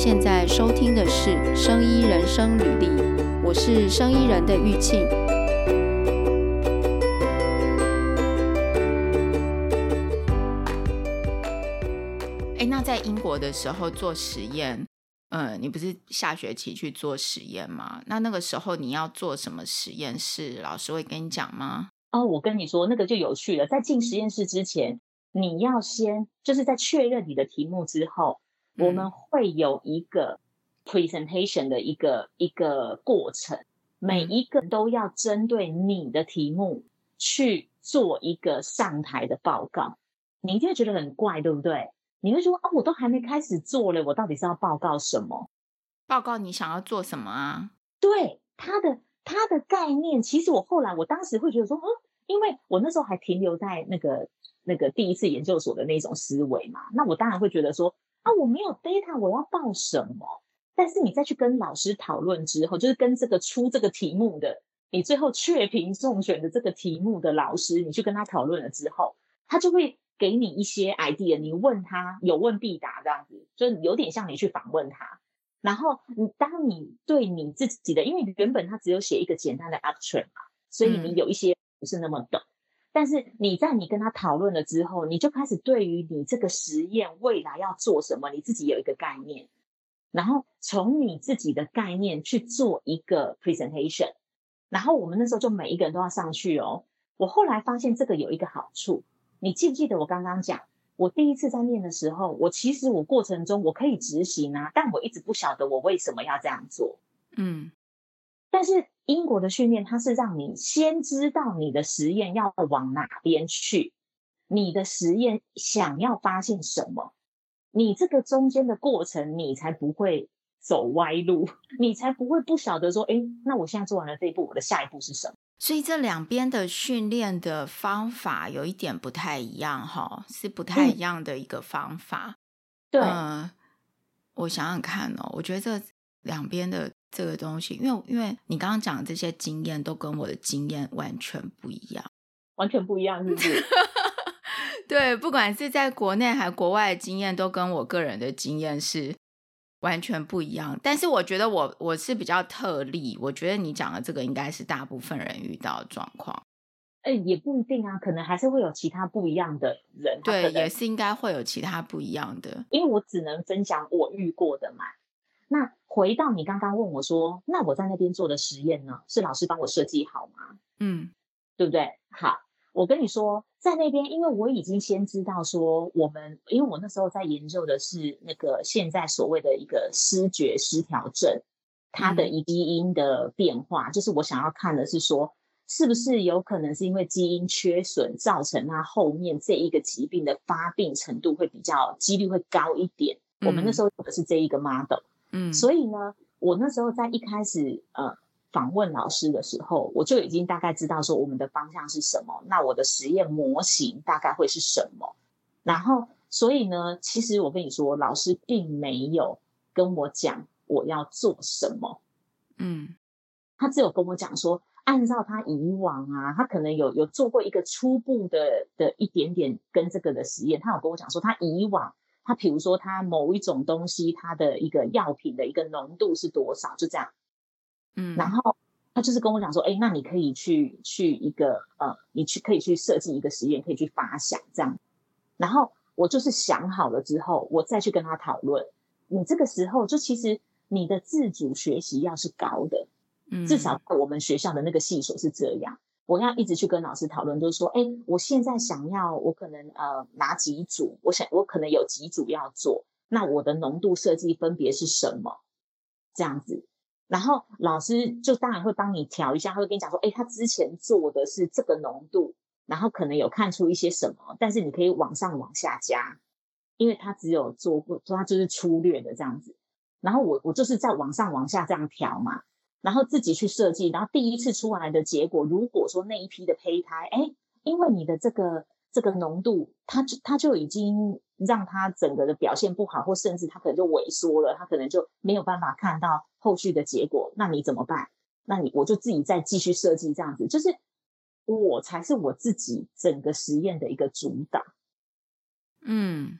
現在收聽的是《生醫人生旅歷》，我是生醫人的玉慶。哎，那在英國的時候做實驗，呃、嗯，你不是下學期去做實驗嗎？那那個時候你要做什麼實驗室？老師會跟你講嗎？哦，我跟你說，那個就有趣了。在進實驗室之前，你要先就是在確認你的題目之後。我們會有一個 presentation 的一個、嗯、一個過程，每一個都要針對你的題目去做一個上台的報告。你一定會覺得很怪，對不對？你會說：“啊、哦，我都還沒開始做嘞，我到底是要報告什麼？報告你想要做什麼啊？”對，它的它的概念，其實我後來我當時會覺得說：“哦、嗯，因為我那時候還停留在那個那個第一次研究所的那種思維嘛。”那我當然會覺得說。那、啊、我沒有 data 我要報什麼？但是你再去跟老師討論之後，就是跟這個出這個題目的，你最後確評中選的這個題目的老師，你去跟他討論了之後，他就會給你一些 idea。你問他有問必答這樣子，就有點像你去訪問他。然後你當你對你自己的，因為原本他只有寫一個簡單的 abstract 嘛，所以你有一些不是那麼懂。嗯但是你在你跟他討論了之後，你就開始對於你這個實驗未來要做什麼，你自己有一個概念，然後從你自己的概念去做一個 presentation，然後我們那時候就每一個人都要上去哦。我後來發現這個有一個好處，你記不記得我剛剛講，我第一次在唸的時候，我其實我過程中我可以執行啊，但我一直不曉得我為什麼要這樣做，嗯，但是。英國的訓練，它是讓你先知道你的實驗要往哪邊去，你的實驗想要發現什麼，你這個中間的過程，你才不會走歪路，你才不會不曉得說，哎，那我現在做完了這一步，我的下一步是什麼？所以這兩邊的訓練的方法有一點不太一樣，哦，哈，是不太一樣的一個方法。嗯，對。呃，我想想看哦，我覺得這兩邊的。這個東西，因為因為你剛剛講的這些經驗都跟我的經驗完全不一樣，完全不一樣，是不是？ 對，不管是在國內還是國外，經驗都跟我個人的經驗是完全不一樣。但是我覺得我我是比較特例，我覺得你講的這個應該是大部分人遇到的狀況。哎、欸，也不一定啊，可能還是會有其他不一樣的人。對，也是應該會有其他不一樣的，因為我只能分享我遇過的嘛。那。回到你剛剛問我說：“那我在那邊做的實驗呢？是老師幫我設計好嗎？”嗯，對不對？好，我跟你說，在那邊，因為我已經先知道說，我們因為我那時候在研究的是那個現在所謂的一個思覺失調症，它的一個基因的變化，嗯、就是我想要看的是說，是不是有可能是因為基因缺損造成它後面這一個疾病的發病程度會比較幾率會高一點。嗯、我們那時候有的是這一個 model。嗯，所以呢，我那時候在一開始呃訪問老師的時候，我就已經大概知道說我們的方向是什麼，那我的實驗模型大概會是什麼。然後，所以呢，其實我跟你說，老師並沒有跟我講我要做什麼，嗯，他只有跟我講說，按照他以往啊，他可能有有做過一個初步的的一點點跟這個的實驗，他有跟我講說他以往。他比如說，他某一種東西，它的一個藥品的一個濃度是多少？就這樣，嗯，然後他就是跟我講說，哎、欸，那你可以去去一個呃，你去可以去設計一個實驗，可以去發想這樣。然後我就是想好了之後，我再去跟他討論。你這個時候就其實你的自主學習要是高的，嗯，至少在我們學校的那個系所是這樣。我要一直去跟老師討論，就是說，哎、欸，我現在想要，我可能呃哪幾組，我想我可能有幾組要做，那我的濃度設計分別是什麼？這樣子，然後老師就當然會幫你調一下，他會跟你講說，哎、欸，他之前做的是這個濃度，然後可能有看出一些什麼，但是你可以往上往下加，因為他只有做過，所以他就是粗略的這樣子，然後我我就是在往上往下這樣調嘛。然後自己去設計，然後第一次出來的結果，如果說那一批的胚胎，誒，因為你的這個這個濃度，它就它就已經讓它整個的表現不好，或甚至它可能就萎縮了，它可能就沒有辦法看到後續的結果，那你怎麼辦？那你我就自己再繼續設計這樣子，就是我才是我自己整個實驗的一個主導，嗯。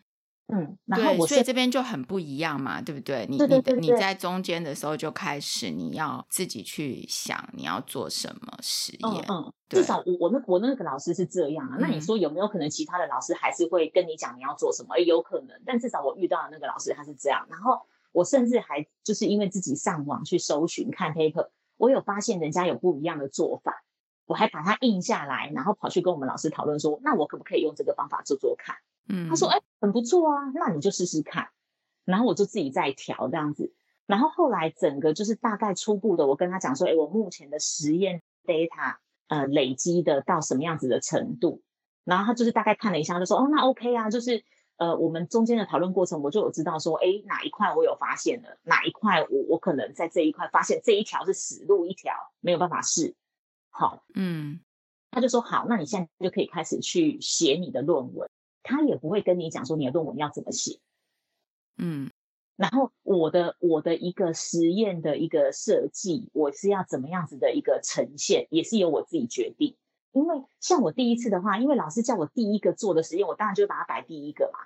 嗯，然後我所以這邊就很不一樣嘛，對不對？你你你在中間的時候就開始，你要自己去想你要做什麼實驗。嗯嗯，嗯對至少我我那個、我那個老師是這樣啊。嗯、那你說有沒有可能其他的老師還是會跟你講你要做什麼？欸、有可能，但至少我遇到的那個老師他是這樣。然後我甚至還就是因為自己上網去搜尋看 paper，我有發現人家有不一樣的做法，我還把它印下來，然後跑去跟我們老師討論說，那我可不可以用這個方法做做看？嗯，他說：“哎，很不錯啊，那你就試試看。”然後我就自己再調這樣子。然後後來整個就是大概初步的，我跟他講說：“哎，我目前的實驗 data 呃累積的到什麼樣子的程度？”然後他就是大概看了一下，就說：“哦，那 OK 啊，就是呃，我們中間的討論過程，我就有知道說，哎，哪一塊我有發現了，哪一塊我我可能在這一塊發現這一條是死路一條，沒有辦法試。”好，嗯，他就說：“好，那你現在就可以開始去寫你的論文。”他也不會跟你講說你的論文要怎麼寫，嗯，然後我的我的一個實驗的一個設計，我是要怎麼樣子的一個呈現，也是由我自己決定。因為像我第一次的話，因為老師叫我第一個做的實驗，我當然就把它擺第一個嘛。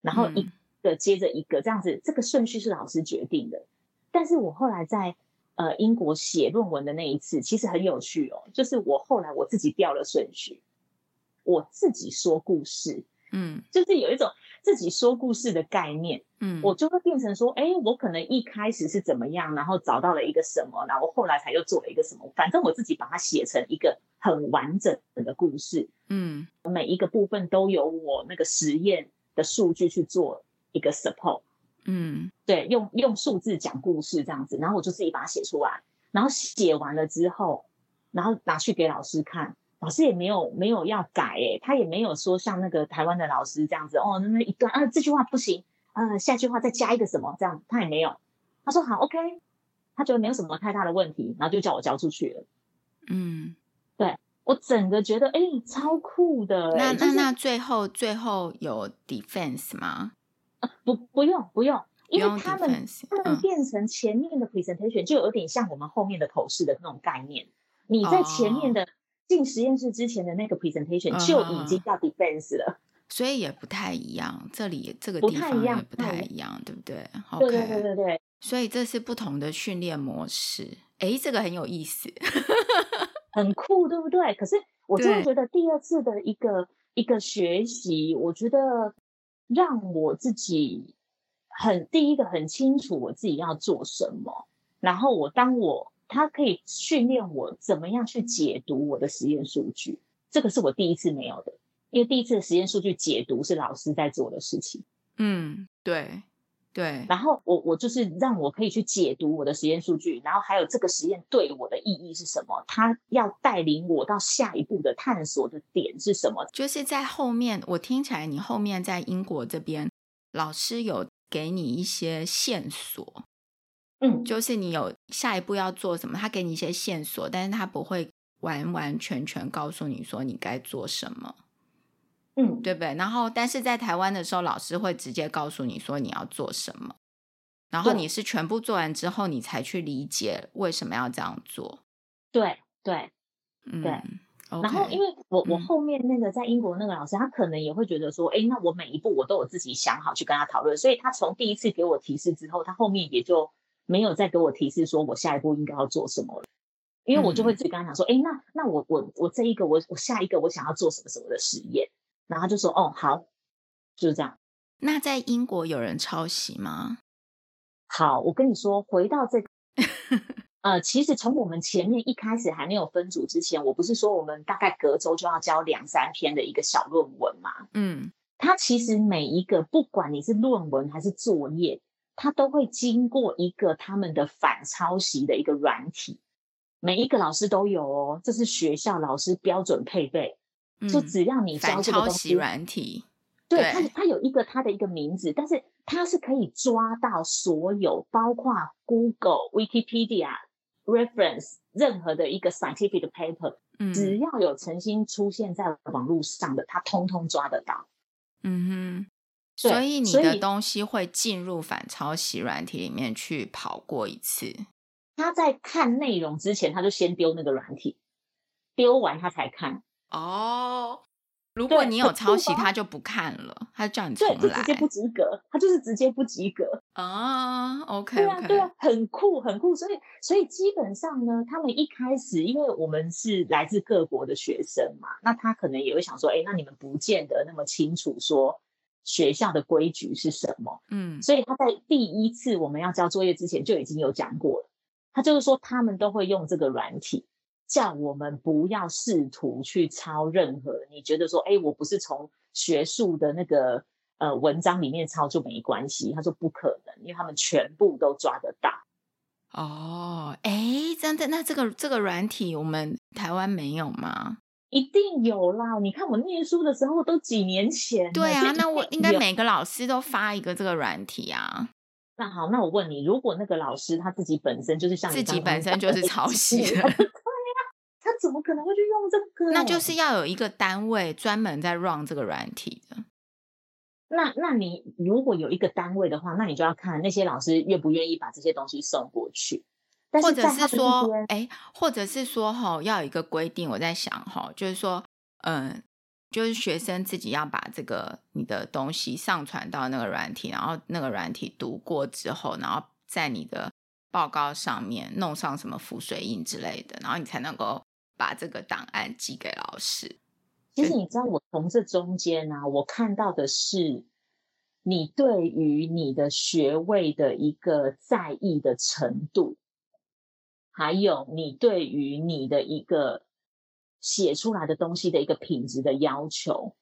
然後一個接着一個這樣子，這個順序是老師決定的。但是我後來在呃英國寫論文的那一次，其實很有趣哦，就是我後來我自己調了順序，我自己說故事。嗯，就是有一種自己說故事的概念，嗯，我就會變成說，哎、欸，我可能一開始是怎麼樣，然後找到了一個什麼，然後後來才又做了一個什麼，反正我自己把它寫成一個很完整的故事，嗯，每一個部分都有我那個實驗的數據去做一個 support，嗯，對，用用數字講故事這樣子，然後我就自己把它寫出來，然後寫完了之後，然後拿去給老師看。老師也沒有沒有要改誒、欸，他也沒有說像那個台灣的老師這樣子哦，那那一段啊這句話不行啊，下句話再加一個什麼這樣，他也沒有。他說好 OK，他覺得沒有什麼太大的問題，然後就叫我交出去了。嗯，對我整個覺得誒、欸，超酷的。那那那是最後最後有 defense 嗎？啊、不不用不用，因為他們不用 defense，他們變成前面的 presentation、嗯、就有點像我們後面的口試的那種概念，你在前面的。哦進實驗室之前的那個 presentation 就已經叫 defense 了，uh huh. 所以也不太一樣。這裡這個地方也不太一樣，對不對？Okay. 對,對對對對，所以這是不同的訓練模式。哎，這個很有意思， 很酷，對不對？可是我真的覺得第二次的一個對一個學習，我覺得讓我自己很第一個很清楚我自己要做什麼，然後我當我。他可以訓練我怎麼樣去解讀我的實驗數據，這個是我第一次沒有的，因為第一次的實驗數據解讀是老師在做的事情。嗯，對，對。然後我我就是讓我可以去解讀我的實驗數據，然後還有這個實驗對我的意義是什麼？他要帶領我到下一步的探索的點是什麼？就是在後面，我聽起來你後面在英國這邊，老師有給你一些線索。嗯，就是你有下一步要做什麼，他給你一些線索，但是他不會完完全全告訴你說你該做什麼，嗯，對不對？然後，但是在台灣的時候，老師會直接告訴你說你要做什麼，然後你是全部做完之後，對你才去理解為什麼要這樣做。對，對，嗯、對。然後，因為我我後面那個在英國那個老師，嗯、他可能也會覺得說，誒、欸，那我每一步我都有自己想好去跟他討論，所以他從第一次給我提示之後，他後面也就。沒有再給我提示說我下一步應該要做什麼了，因為我就會自己跟他說：“哎、嗯，那那我我我這一個我我下一個我想要做什麼什麼的實驗。”然後他就說：“哦，好，就是這樣。”那在英國有人抄襲嗎？好，我跟你說，回到這個， 呃，其實從我們前面一開始還沒有分組之前，我不是說我們大概隔周就要交兩三篇的一個小論文嘛？嗯，他其實每一個不管你是論文還是作業。他都會經過一個他們的反抄襲的一個軟體，每一個老師都有哦，這是學校老師標準配備。嗯、就只要你教這個東西反抄襲軟體，對，它它對有一個它的一個名字，但是它是可以抓到所有包括 Google、Wikipedia、Reference 任何的一個 scientific paper，、嗯、只要有曾經出現在網絡上的，它通通抓得到。嗯哼。所以你的東西會進入反抄襲軟體裡面去跑過一次。他在看內容之前，他就先丟那個軟體，丟完他才看。哦，如果你有抄襲，對他就不看了，他就叫你重來。對，就直接不及格，他就是直接不及格啊、哦。OK，okay。對啊，對啊，很酷，很酷。所以，所以基本上呢，他們一開始，因為我們是來自各國的學生嘛，那他可能也會想說，哎、欸，那你們不見得那麼清楚說。學校的規矩是什麼？嗯，所以他在第一次我們要交作業之前就已經有講過了。他就是說，他們都會用這個軟體，叫我們不要試圖去抄任何你覺得說，哎，我不是從學術的那個呃文章裡面抄就沒關係。他說不可能，因為他們全部都抓得到。哦，哎，真的，那這個這個軟體我們台灣沒有嗎？一定有啦！你看我念書的時候都幾年前。對啊，對，那我應該每個老師都發一個這個軟體啊。那好，那我問你，如果那個老師他自己本身就是像剛剛剛，像，自己本身就是抄襲的， 對啊，他怎麼可能會去用這個？那就是要有一個單位專門在 run 這個軟體的。那，那你如果有一個單位的話，那你就要看那些老師願不願意把這些東西送過去。或者是說，哎，或者是說，哈，要有一個規定。我在想，哈，就是說，嗯，就是學生自己要把這個你的東西上傳到那個軟體，然後那個軟體讀過之後，然後在你的報告上面弄上什麼浮水印之類的，然後你才能夠把這個檔案寄給老師。其實你知道，我從這中間呢、啊，我看到的是你對於你的學位的一個在意的程度。還有，你對於你的一個寫出來的東西的一個品質的要求，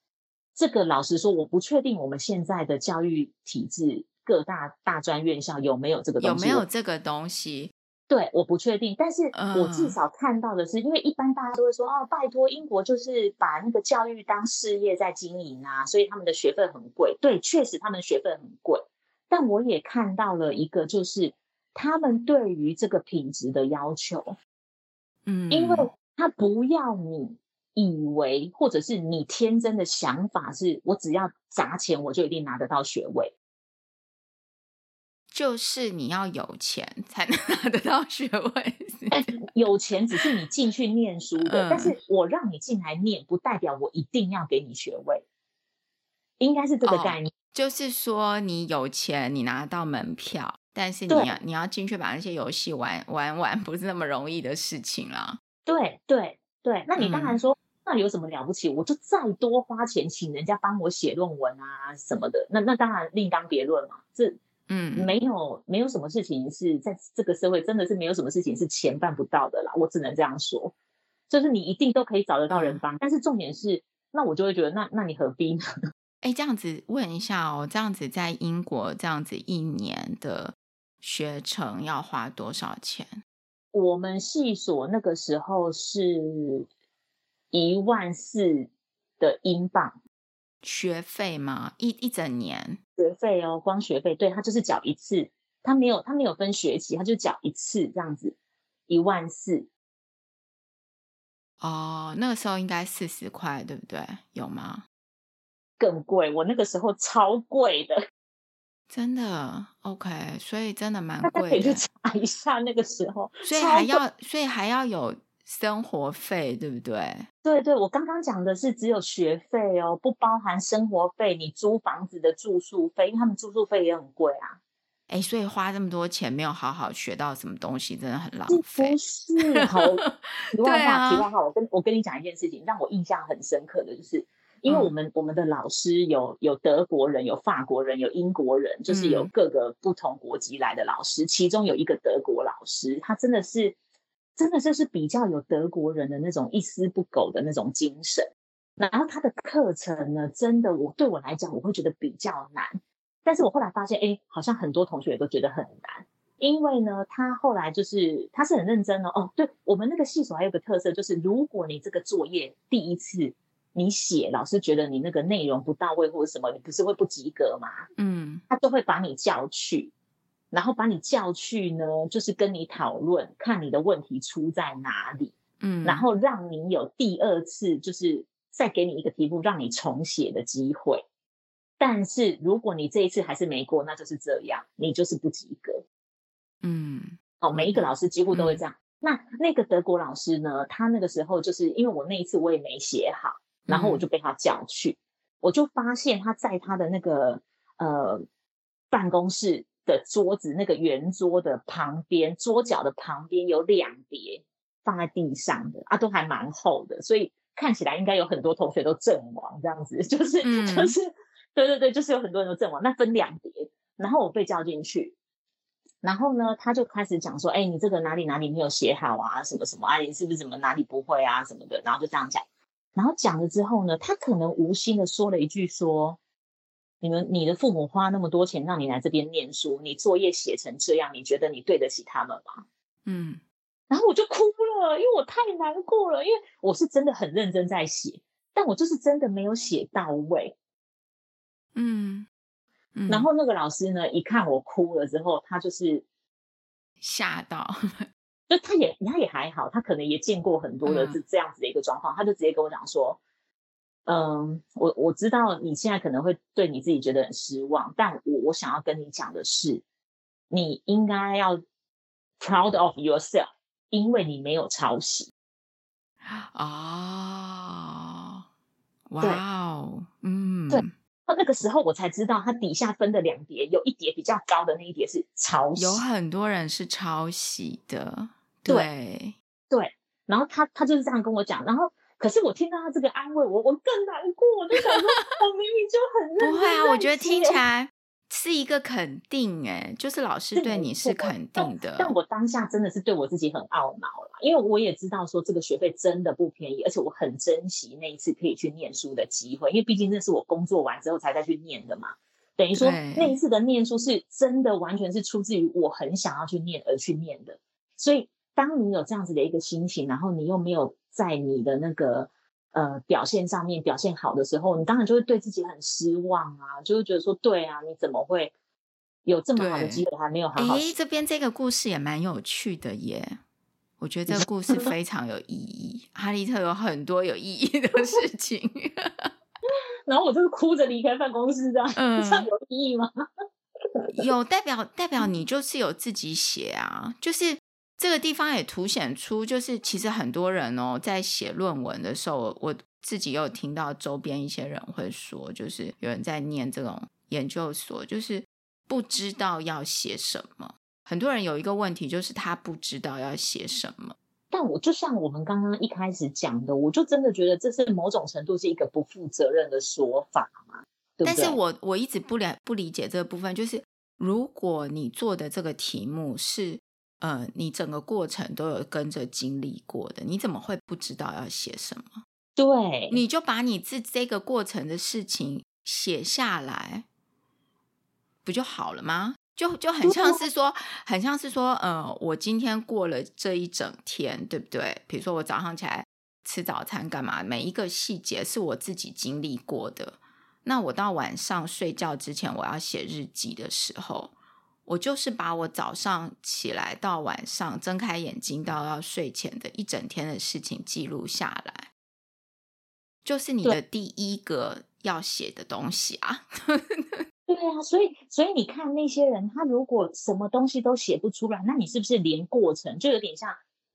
這個老實說，我不確定我們現在的教育體制各大大專院校有沒有這個東西，有沒有這個東西？對，我不確定。但是我至少看到的是，嗯、因為一般大家都會說哦，拜託，英國就是把那個教育當事業在經營啊，所以他們的學費很貴。對，確實他們的學費很貴。但我也看到了一個，就是。他們對於這個品質的要求，嗯，因為他不要你以為，或者是你天真的想法是，我只要砸錢我就一定拿得到學位，就是你要有錢才能拿得到學位。 有錢只是你進去念書的，嗯，但是我讓你進來念，不代表我一定要給你學位，應該是這個概念。哦，就是說，你有錢，你拿到門票。但是你要對你要進去把那些遊戲玩玩玩，玩完不是那麼容易的事情啦。對對對，那你當然說，嗯、那有什麼了不起？我就再多花錢，請人家幫我寫論文啊什麼的。那那當然另當別論嘛。這嗯，沒有沒有什麼事情是在這個社會，真的是沒有什麼事情是錢辦不到的啦。我只能這樣說，就是你一定都可以找得到人幫。但是重點是，那我就會覺得，那那你何必呢？哎，欸、這樣子問一下哦，這樣子在英國這樣子一年的。學成要花多少錢？我們系所那個時候是一萬四的英鎊。學費嗎？一一整年。學費哦，光學費，對，他就是繳一次，他沒有，他沒有分學期，他就繳一次這樣子，一萬四。哦，那個時候應該四十塊，對不對？有嗎？更貴，我那個時候超貴的。真的 OK，所以真的蠻貴的。以、哎、去查一下那個時候。所以還要，對所以還要有生活費，對不對？對對，我剛剛講的是只有學費哦，不包含生活費。你租房子的住宿費，因為他們住宿費也很貴啊。哎、欸，所以花這麼多錢，沒有好好學到什麼東西，真的很浪費。是不是哦。題外話、， 啊、話，我跟我跟你講一件事情，讓我印象很深刻的就是。因為我們、嗯、我們的老師有有德國人，有法國人，有英國人，就是有各個不同國籍來的老師。嗯、其中有一個德國老師，他真的是真的就是比較有德國人的那種一絲不苟的那種精神。然後他的課程呢，真的我對我來講，我會覺得比較難。但是我後來發現，哎，好像很多同學也都覺得很難。因為呢，他後來就是他是很認真哦，哦對我們那個系所還有個特色，就是如果你這個作業第一次。你寫老師覺得你那個內容不到位或者什麼，你不是會不及格嗎？嗯，他都會把你叫去，然後把你叫去呢，就是跟你討論，看你的問題出在哪裡，嗯，然後讓你有第二次，就是再給你一個題目讓你重寫的機會。但是如果你這一次還是沒過，那就是這樣，你就是不及格。嗯，好、哦，每一個老師幾乎都會這樣。嗯、那那個德國老師呢，他那個時候就是因為我那一次我也沒寫好。然後我就被他叫去，嗯、我就發現他在他的那個呃辦公室的桌子，那個圓桌的旁邊，桌角的旁邊有兩疊放在地上的啊，都還蠻厚的，所以看起來應該有很多同學都陣亡這樣子，就是、嗯、就是對對對，就是有很多人都陣亡，那分兩疊，然後我被叫進去，然後呢，他就開始講說，哎，你這個哪裡哪裡沒有寫好啊，什麼什麼啊，你是不是什麼哪裡不會啊什麼的，然後就這樣講。然後講了之後呢，他可能無心的說了一句說：“說你們你的父母花那麼多錢讓你來這邊念書，你作業寫成這樣，你覺得你對得起他們嗎？”嗯，然後我就哭了，因為我太難過了，因為我是真的很認真在寫，但我就是真的沒有寫到位。嗯，嗯，然後那個老師呢，一看我哭了之後，他就是嚇到。就他也，他也還好，他可能也見過很多的這這樣子的一個狀況，嗯啊、他就直接跟我講說：“嗯，我我知道你現在可能會對你自己覺得很失望，但我我想要跟你講的是，你應該要 proud of yourself，因為你沒有抄襲。”啊、哦，哇哦，對嗯，對。他那個時候我才知道，他底下分的兩疊，有一疊比較高的那一疊是抄襲。有很多人是抄襲的。對對，對，然後他他就是這樣跟我講，然後可是我聽到他這個安慰，我我更難過，我就想說， 我明明就很。不會啊，我覺得聽起來是一個肯定，誒，就是老師對你是肯定的但但，但我當下真的是對我自己很懊惱啦，因為我也知道說這個學費真的不便宜，而且我很珍惜那一次可以去念書的機會，因為畢竟那是我工作完之後才再去念的嘛。等於說對那一次的念書是真的，完全是出自於我很想要去念而去念的，所以。當你有這樣子的一個心情，然後你又沒有在你的那個呃表現上面表現好的時候，你當然就會對自己很失望啊，就會覺得說對啊，你怎麼會有這麼好的機會還沒有好好？哎，這邊這個故事也蠻有趣的耶，我覺得這個故事非常有意義。 哈利特有很多有意義的事情， 然後我就是哭着離開辦公室這樣，嗯、這樣有意義嗎？ 有代表代表你就是有自己寫啊，就是。這個地方也凸顯出，就是其實很多人哦，在寫論文的時候，我自己有聽到周邊一些人會說，就是有人在念這種研究所，就是不知道要寫什麼。很多人有一個問題，就是他不知道要寫什麼。但我就像我們剛剛一開始講的，我就真的覺得這是某種程度是一個不負責任的說法嘛，對不對？但是我我一直不了不理解這個部分，就是如果你做的這個題目是。嗯，你整個過程都有跟着經歷過的，你怎麼會不知道要寫什麼？對，你就把你自這個過程的事情寫下來，不就好了嗎？就就很像是說，很像是說，呃、嗯，我今天過了這一整天，對不對？比如說我早上起來吃早餐幹嘛，每一個細節是我自己經歷過的。那我到晚上睡覺之前，我要寫日記的時候。我就是把我早上起來到晚上睜開眼睛到要睡前的一整天的事情記錄下來，就是你的第一個要寫的東西啊，對。 對啊，所以所以你看那些人，他如果什麼東西都寫不出來，那你是不是連過程就有點像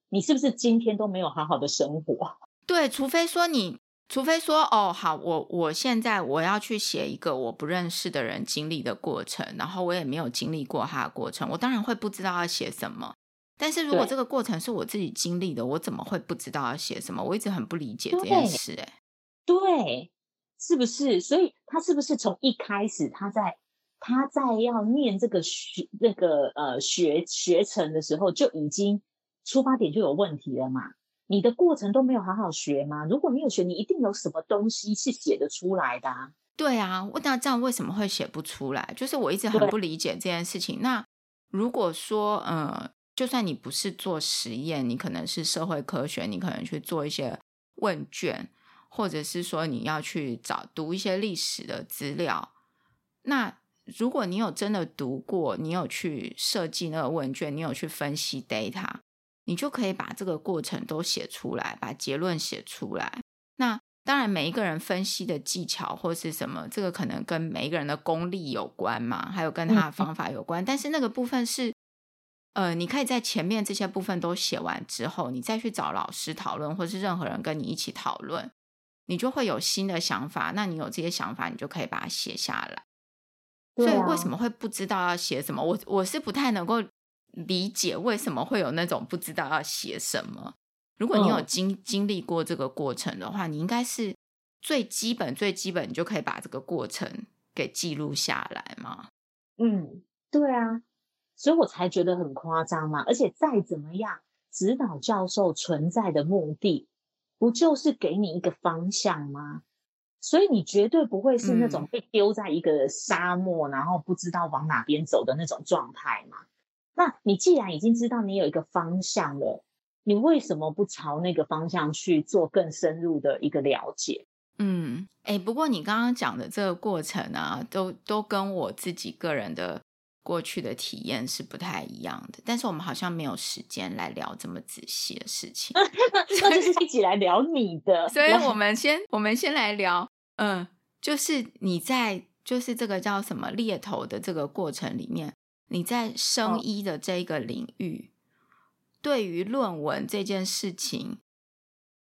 你是不是今天都沒有好好的生活？對，除非說你。除非說哦好，我我現在我要去寫一個我不認識的人經歷的過程，然後我也沒有經歷過他的過程，我當然會不知道要寫什麼。但是如果這個過程是我自己經歷的，對我怎麼會不知道要寫什麼？我一直很不理解這件事，哎，對，是不是？所以他是不是從一開始他在他在要念這個學那、這個呃學學程的時候就已經出發點就有問題了嘛？你的過程都沒有好好學嗎？如果沒有學，你一定有什麼東西是寫得出來的啊。對啊，我到這樣為什麼會寫不出來，就是我一直很不理解這件事情。對那如果說，嗯、呃，就算你不是做實驗，你可能是社會科學，你可能去做一些問卷，或者是說你要去找讀一些歷史的資料。那如果你有真的讀過，你有去設計那個問卷，你有去分析 data。你就可以把這個過程都寫出來，把結論寫出來。那當然，每一個人分析的技巧或是什麼，這個可能跟每一個人的功力有關嘛，還有跟他的方法有關。但是那個部分是，呃，你可以在前面這些部分都寫完之後，你再去找老師討論，或是任何人跟你一起討論，你就會有新的想法。那你有這些想法，你就可以把它寫下來。所以為什麼會不知道要寫什麼？我我是不太能夠。理解為什麼會有那種不知道要寫什麼。如果你有經、oh. 經歷過這個過程的話，你應該是最基本最基本，你就可以把這個過程給記錄下來嘛。嗯，對啊，所以我才覺得很誇張嘛。而且再怎麼樣，指導教授存在的目的不就是給你一個方向嗎？所以你絕對不會是那種被丟在一個沙漠，嗯、然後不知道往哪邊走的那種狀態嘛。那你既然已經知道你有一個方向了，你為什麼不朝那個方向去做更深入的一個了解？嗯，哎、欸，不過你剛剛講的這個過程啊，都都跟我自己個人的過去的體驗是不太一樣的。但是我們好像沒有時間來聊這麼仔細的事情，這 以就是一起來聊你的。所以我們先 我們先來聊，嗯，就是你在就是這個叫什麼獵頭的這個過程裡面。你在生醫的這個領域，哦、對於論文這件事情，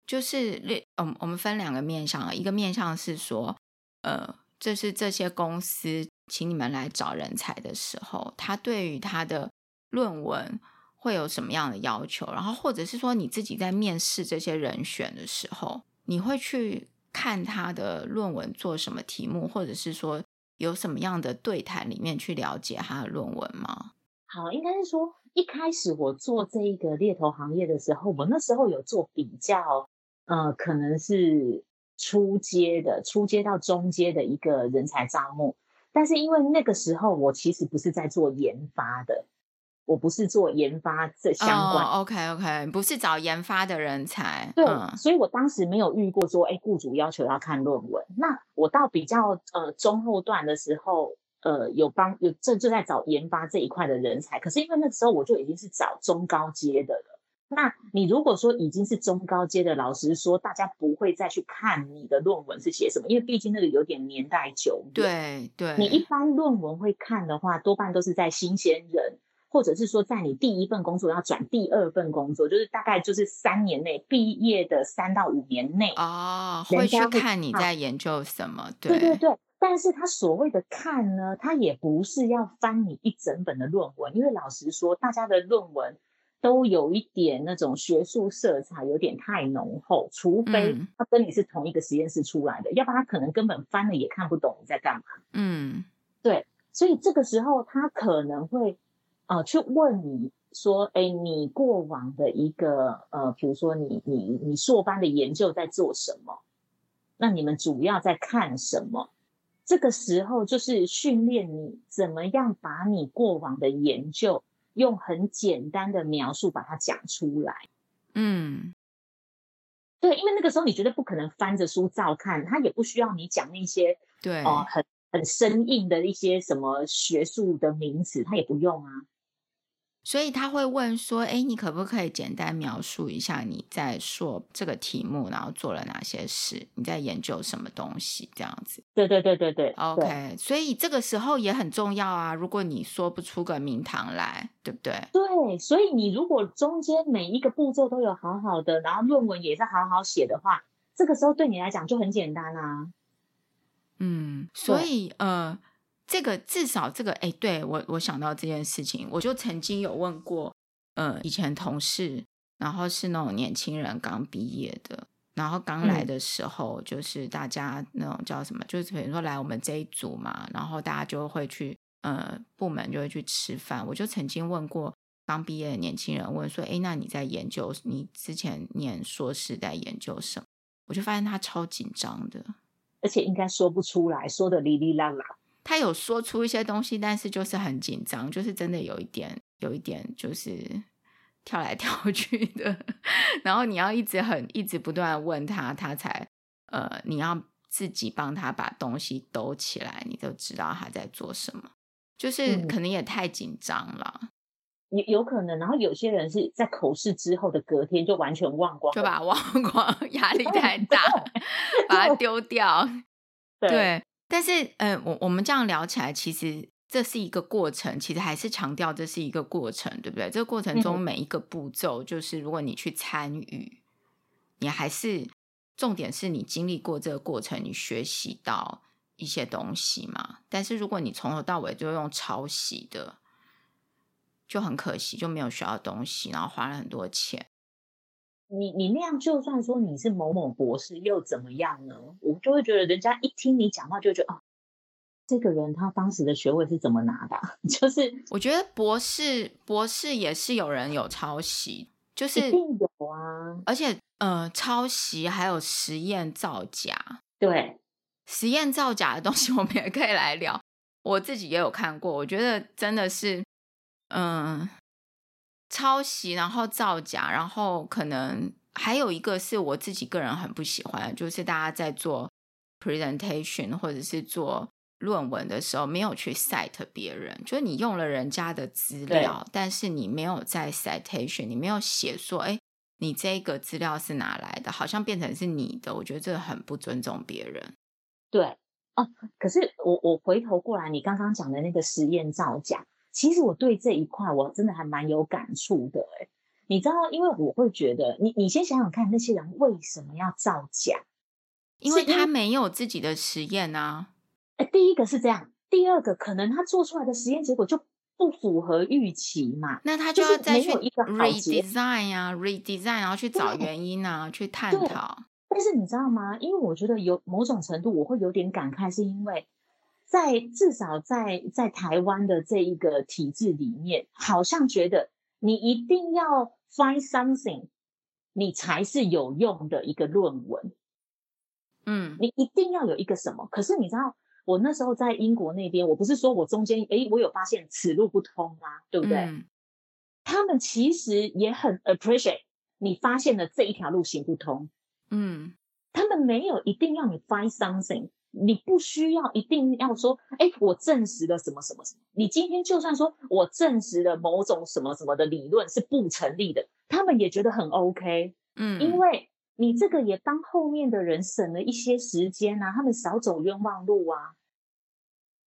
就是列，嗯、哦，我們分兩個面向了。一個面向是說，呃，這是這些公司請你們來找人才的時候，他對於他的論文會有什麼樣的要求？然後，或者是說，你自己在面試這些人選的時候，你會去看他的論文做什麼題目，或者是說？有什麼樣的對談裡面去了解他的論文嗎？好，應該是說，一開始我做這一個獵頭行業的時候，我那時候有做比較，呃，可能是初階的、初階到中階的一個人才招募，但是因為那個時候我其實不是在做研發的。我不是做研發這相關、oh，OK OK，不是找研發的人才，對，嗯、所以我當時沒有遇過說，哎、欸，雇主要求要看論文。那我到比較呃中後段的時候，呃，有幫有正正在找研發這一塊的人才，可是因為那時候我就已經是找中高階的了。那你如果說已經是中高階的，老師說，大家不會再去看你的論文是寫什麼，因為畢竟那個有點年代久遠。對對，你一般論文會看的話，多半都是在新鮮人。或者是說，在你第一份工作要轉第二份工作，就是大概就是三年內畢業的三到五年內啊，哦、人家會，會去看你在研究什麼對、啊，對對對。但是他所謂的看呢，他也不是要翻你一整本的論文，因為老實說，大家的論文都有一點那種學術色彩，有點太濃厚，除非他跟你是同一個實驗室出來的，嗯、要不然他可能根本翻了也看不懂你在幹嘛。嗯，對。所以這個時候他可能會。啊、呃，去問你說，哎，你過往的一個呃，比如說你你你碩班的研究在做什麼？那你們主要在看什麼？這個時候就是訓練你怎麼樣把你過往的研究用很簡單的描述把它講出來。嗯，對，因為那個時候你絕對不可能翻着書照看，他也不需要你講那些對哦、呃，很很生硬的一些什麼學術的名詞，他也不用啊。所以他會問說誒：“你可不可以簡單描述一下你在說這個題目，然後做了哪些事？你在研究什麼東西？這樣子？”對對對對對。OK，對所以這個時候也很重要啊。如果你說不出個名堂來，對不對？對，所以你如果中間每一個步驟都有好好的，然後論文也是好好寫的話，這個時候對你來講就很簡單啊。嗯，所以對呃。這個至少這個哎，對，我我想到這件事情，我就曾經有問過，呃，以前同事，然後是那種年輕人剛畢業的，然後剛來的時候，嗯、就是大家那種叫什麼，就是比如說來我們這一組嘛，然後大家就會去呃部門就會去吃飯，我就曾經問過剛畢業的年輕人問，問說，哎，那你在研究？你之前念碩士在研究什麼？我就發現他超緊張的，而且應該說不出來說的，哩哩拉拉。他有說出一些東西，但是就是很緊張，就是真的有一點，有一點就是跳來跳去的。 然後你要一直很一直不斷問他，他才呃，你要自己幫他把東西兜起來，你就知道他在做什麼。就是可能也太緊張了，嗯、有有可能。然後有些人是在口試之後的隔天就完全忘光光，就把忘光，壓力太大， 對把它丟掉。對。對但是，嗯、呃，我我們這樣聊起來，其實這是一個過程，其實還是強調這是一個過程，對不對？這個過程中每一個步驟，就是如果你去參與，你還是重點是你經歷過這個過程，你學習到一些東西嘛。但是如果你從頭到尾就用抄襲的，就很可惜，就沒有學到東西，然後花了很多錢。你你那樣，就算說你是某某博士又怎麼樣呢？我就會覺得人家一聽你講話，就覺得啊，這個人他當時的學位是怎麼拿的？就是我覺得博士博士也是有人有抄襲，就是一定有啊。而且呃，抄襲還有實驗造假，對，實驗造假的東西我們也可以來聊。我自己也有看過，我覺得真的是嗯。呃抄襲，然後造假，然後可能還有一個是我自己個人很不喜歡，就是大家在做 presentation 或者是做論文的時候，沒有去 cite 別人，就是你用了人家的資料，對但是你沒有在 citation，你沒有寫說，誒，你這個資料是哪來的？好像變成是你的，我覺得這個很不尊重別人。對，哦，可是我我回頭過來，你剛剛講的那個實驗造假。其實我對這一塊，我真的還蠻有感觸的。你知道，因為我會覺得，你你先想想看，那些人為什麼要造假？因為他沒有自己的實驗啊、欸。第一個是這樣，第二個可能他做出來的實驗結果就不符合預期嘛，那他就要再去、啊、是一個 redesign 啊，redesign，然後去找原因啊，對去探討。但是你知道嗎？因為我覺得有某種程度，我會有點感慨，是因為。在至少在在台灣的這一個體制裡面，好像覺得你一定要 find something，你才是有用的一個論文。嗯，你一定要有一個什麼？可是你知道，我那時候在英國那邊，我不是說我中間，哎、欸，我有發現此路不通啊，對不對？嗯、他們其實也很 appreciate 你發現了這一條路行不通。嗯，他們沒有一定要你 find something。你不需要一定要說，哎，我證實了什麼什麼什麼。你今天就算說我證實了某種什麼什麼的理論是不成立的，他們也覺得很 OK，嗯，因為你這個也幫後面的人省了一些時間吶、啊，他們少走冤枉路啊。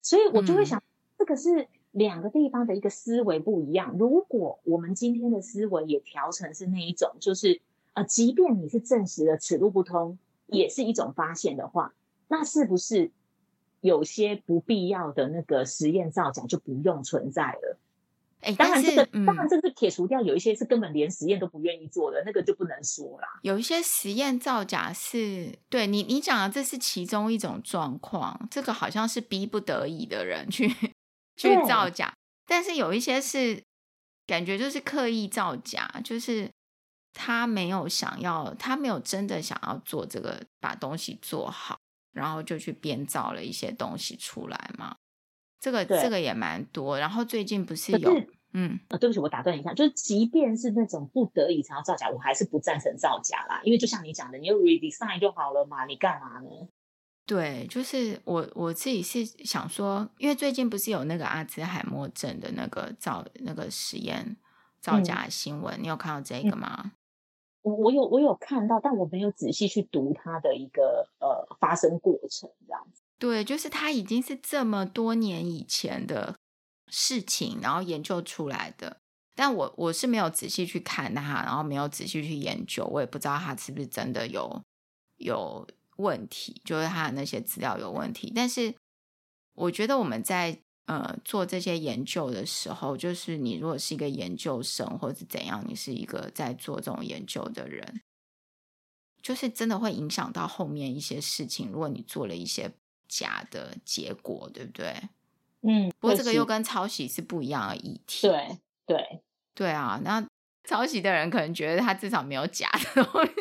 所以我就會想，嗯、這個是兩個地方的一個思維不一樣。如果我們今天的思維也調成是那一種，就是呃即便你是證實了此路不通，也是一種發現的話。那是不是有些不必要的那個實驗造假就不用存在了？哎、欸，但是當然這個，嗯、當然這個是撇除掉有一些是根本連實驗都不願意做的，那個就不能說啦。有一些實驗造假是對你你講的，這是其中一種狀況。這個好像是逼不得已的人去去造假，嗯，但是有一些是感覺就是刻意造假，就是他沒有想要，他沒有真的想要做這個，把東西做好。然後就去編造了一些東西出來嘛，這個對這個也蠻多。然後最近不是有，是嗯，啊、哦，對不起，我打斷一下，就是即便是那種不得已才要造假，我還是不贊成造假啦。因為就像你講的，你 ready sign 就好了嘛，你幹嘛呢？對，就是我我自己是想說，因為最近不是有那個阿茲海默症的那個造那個實驗造假新聞，嗯、你有看到這個嗎？嗯我有我有看到，但我沒有仔細去讀它的一個呃發生過程這樣子。對，就是它已經是這麼多年以前的事情，然後研究出來的。但我我是沒有仔細去看它，然後沒有仔細去研究，我也不知道它是不是真的有有問題，就是它的那些資料有問題。但是我覺得我們在。呃，做這些研究的時候，就是你如果是一個研究生，或者是怎樣，你是一個在做這種研究的人，就是真的會影響到後面一些事情。如果你做了一些假的結果，對不對？嗯。不過這個又跟抄襲是不一樣的議題。對對對啊，那抄襲的人可能覺得他至少沒有假的東西。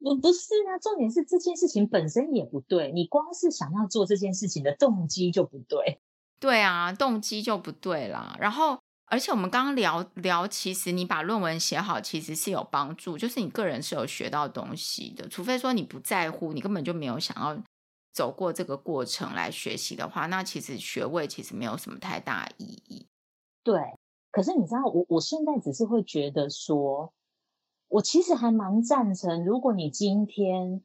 我不是啊，重點是這件事情本身也不對。你光是想要做這件事情的動機就不對。對啊，動機就不對啦。然後，而且我們剛剛聊聊，其實你把論文寫好，其實是有幫助，就是你個人是有學到東西的。除非說你不在乎，你根本就沒有想要走過這個過程來學習的話，那其實學位其實沒有什麼太大意義。對，可是你知道，我我現在只是會覺得說，我其實還蠻贊成，如果你今天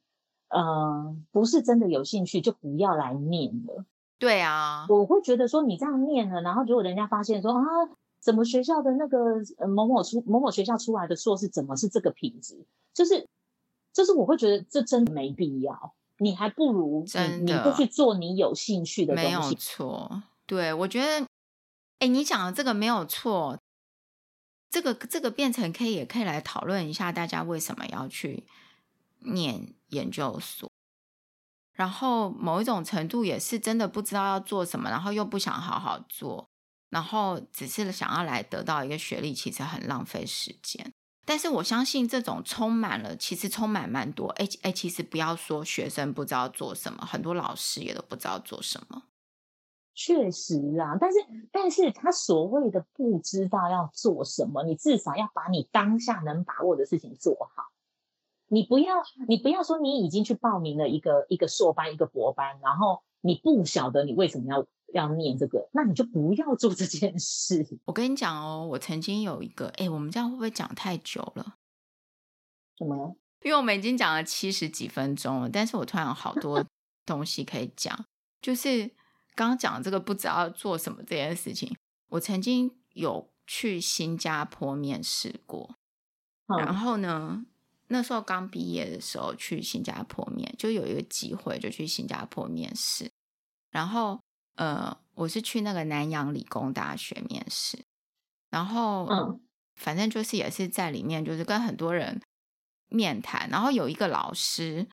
嗯、呃、不是真的有興趣，就不要來念了。對啊，我會覺得說你這樣念了，然後如果人家發現說啊，怎麼學校的那個某某出某某學校出來的碩士，怎麼是這個品質？就是，就是我會覺得這真的沒必要，你還不如你真的你不去做你有興趣的東西。沒有錯，對我覺得，哎，你講的這個沒有錯，這個這個變成可以也可以來討論一下，大家為什麼要去念研究所。然後某一種程度也是真的不知道要做什麼，然後又不想好好做，然後只是想要來得到一個學歷，其實很浪費時間。但是我相信這種充滿了，其實充滿蠻多。哎哎，其實不要說學生不知道做什麼，很多老師也都不知道做什麼。確實啦，但是但是他所謂的不知道要做什麼，你至少要把你當下能把握的事情做好。你不要，你不要說你已經去報名了一個一個碩班一個博班，然後你不曉得你為什麼要要念這個，那你就不要做這件事。我跟你講哦，我曾經有一個，哎，我們這樣會不會講太久了？什麼？因為我們已經講了七十幾分鐘了，但是我突然有好多 東西可以講，就是剛剛講的這個不知道做什麼這件事情，我曾經有去新加坡面試過，Oh. 然後呢？那時候剛畢業的時候去新加坡面，就有一個機會就去新加坡面試，然後呃，我是去那個南洋理工大學面試，然後嗯，反正就是也是在裡面就是跟很多人面談，然後有一個老師，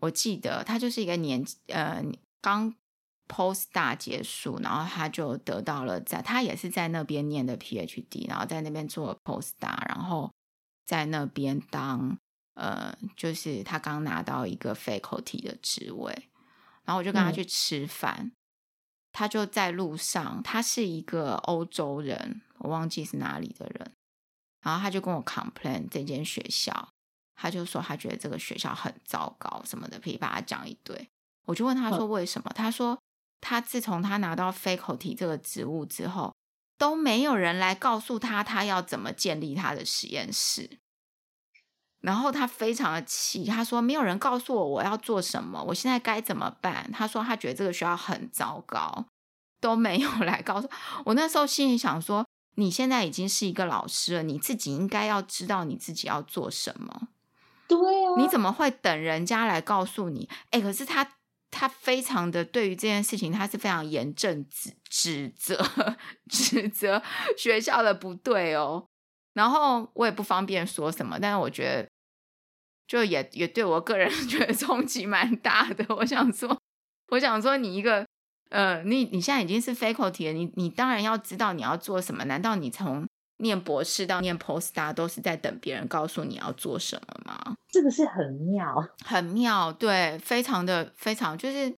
我記得他就是一個年呃剛 postdoc 結束，然後他就得到了在，他也是在那邊念的 PhD，然後在那邊做 postdoc，然後在那邊當。呃，就是他剛拿到一個 faculty 的職位，然後我就跟他去吃飯，嗯、他就在路上，他是一個歐洲人，我忘記是哪裡的人，然後他就跟我 complain 這間學校，他就說他覺得這個學校很糟糕什麼的，噼哩啪啦講一堆。我就問他說為什麼，嗯、他說他自從他拿到 faculty 這個職務之後，都沒有人來告訴他他要怎麼建立他的實驗室。然後他非常的氣，他說沒有人告訴我我要做什麼，我現在該怎麼辦？他說他覺得這個學校很糟糕，都沒有來告訴我。我那時候心裡想說，你現在已經是一個老師了，你自己應該要知道你自己要做什麼。對哦，你怎麼會等人家來告訴你？哎，可是他他非常的對於這件事情，他是非常嚴正指責指責指責學校的不對哦。然後我也不方便說什麼，但是我覺得，就也也對我個人覺得衝擊蠻大的。我想說，我想說，你一個呃，你你現在已經是 faculty 了，你你當然要知道你要做什麼。難道你從唸博士到唸 postdoc 都是在等別人告訴你要做什麼嗎？這個是很妙，很妙，對，非常的非常，就是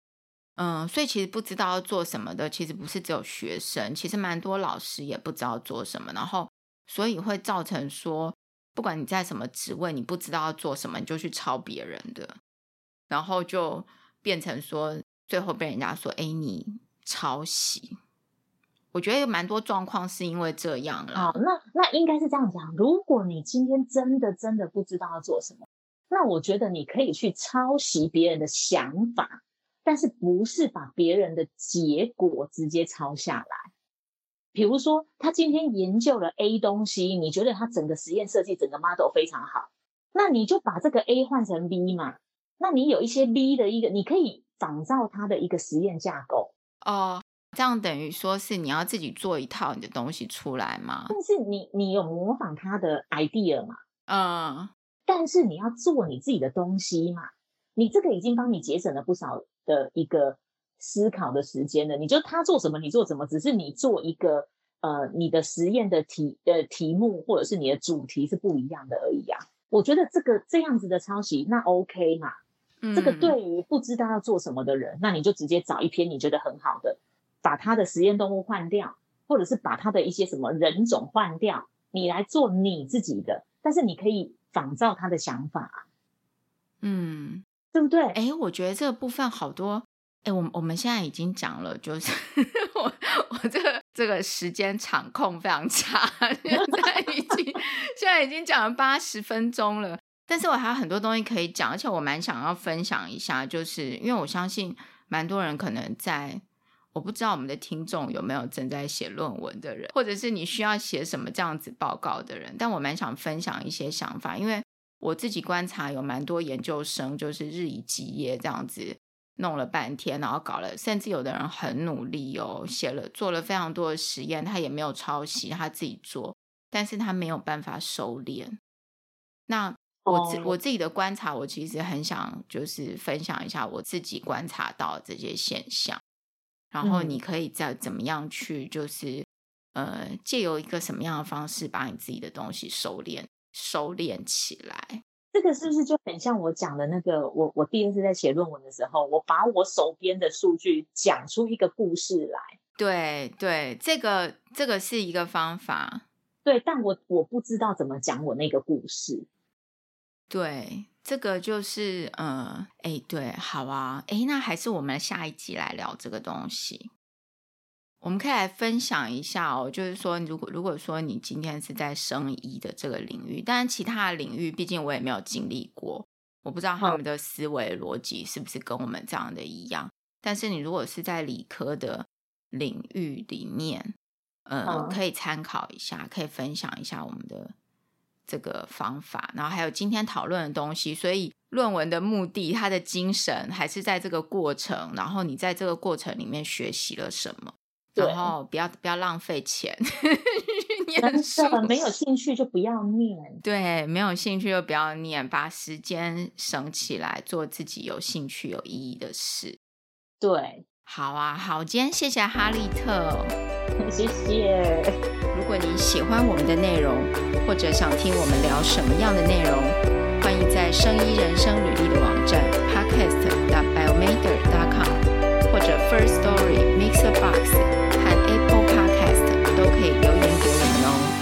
嗯，所以其實不知道要做什麼的，其實不是只有學生，其實蠻多老師也不知道做什麼，然後。所以會造成說，不管你在什麼職位，你不知道要做什麼，你就去抄別人的，然後就變成說，最後被人家說，哎，你抄襲。我覺得有蠻多狀況是因為這樣了。好，哦，那那應該是這樣講。如果你今天真的真的不知道要做什麼，那我覺得你可以去抄襲別人的想法，但是不是把別人的結果直接抄下來。比如說，他今天研究了 A 東西，你覺得他整個實驗設計、整個 model 非常好，那你就把這個 A 換成 B 嘛。那你有一些 B 的一個，你可以仿造他的一個實驗架構哦。這樣等於說是你要自己做一套你的東西出來嘛？但是你你有模仿他的 idea 嘛？嗯。但是你要做你自己的東西嘛？你這個已經幫你節省了不少的一個。思考的時間呢，你就他做什麼，你做什麼，只是你做一個呃你的實驗的題呃題目或者是你的主題是不一樣的而已啊。我覺得這個這樣子的抄襲那 OK 嘛？嗯、這個對於不知道要做什麼的人，那你就直接找一篇你覺得很好的，把他的實驗動物換掉，或者是把他的一些什麼人種換掉，你來做你自己的，但是你可以仿照他的想法，嗯，對不對？哎，我覺得這個部分好多。哎、欸，我我們現在已經講了，就是 我我這個這個時間場控非常差，現在已經 現在已經講了八十分鐘了， 但是我還有很多東西可以講，而且我蠻想要分享一下，就是因為我相信蠻多人可能在我不知道我們的聽眾有沒有正在寫論文的人，或者是你需要寫什麼這樣子報告的人，但我蠻想分享一些想法，因為我自己觀察有蠻多研究生就是日以繼夜這樣子。弄了半天，然後搞了，甚至有的人很努力哦，寫了做了非常多的實驗，他也沒有抄襲，他自己做，但是他沒有辦法收斂。那我自、Oh，我自己的觀察，我其實很想就是分享一下我自己觀察到的這些現象，然後你可以再怎麼樣去，就是、嗯、呃，借由一個什麼樣的方式，把你自己的東西收斂收斂起來。這個是不是就很像我講的那個？我我第一次在寫論文的時候，我把我手邊的數據講出一個故事來。對對，這個這個是一個方法。對，但我我不知道怎麼講我那個故事。對，這個就是嗯，哎，呃，對，好啊，哎，那還是我們下一集來聊這個東西。我們可以來分享一下哦，就是說，如果如果說你今天是在生醫的這個領域，但其他的領域畢竟我也沒有經歷過，我不知道他們的思維邏輯是不是跟我們這樣的一樣。但是你如果是在理科的領域裡面，嗯，可以參考一下，可以分享一下我們的這個方法。然後還有今天討論的東西，所以論文的目的，它的精神還是在這個過程。然後你在這個過程裡面學習了什麼？對然後不要不要浪費錢，真 的書沒有興趣就不要念。對，沒有興趣就不要念，把時間省起來做自己有興趣有意義的事。對，好啊，好，今天謝謝哈利特，謝謝。如果你喜歡我們的內容，或者想聽我們聊什麼樣的內容，歡迎在生醫人生旅歷的網站 podcast dot b i o m e d e r dot com 或者 Firstory MixerBox。可以留言給我們哦。Okay,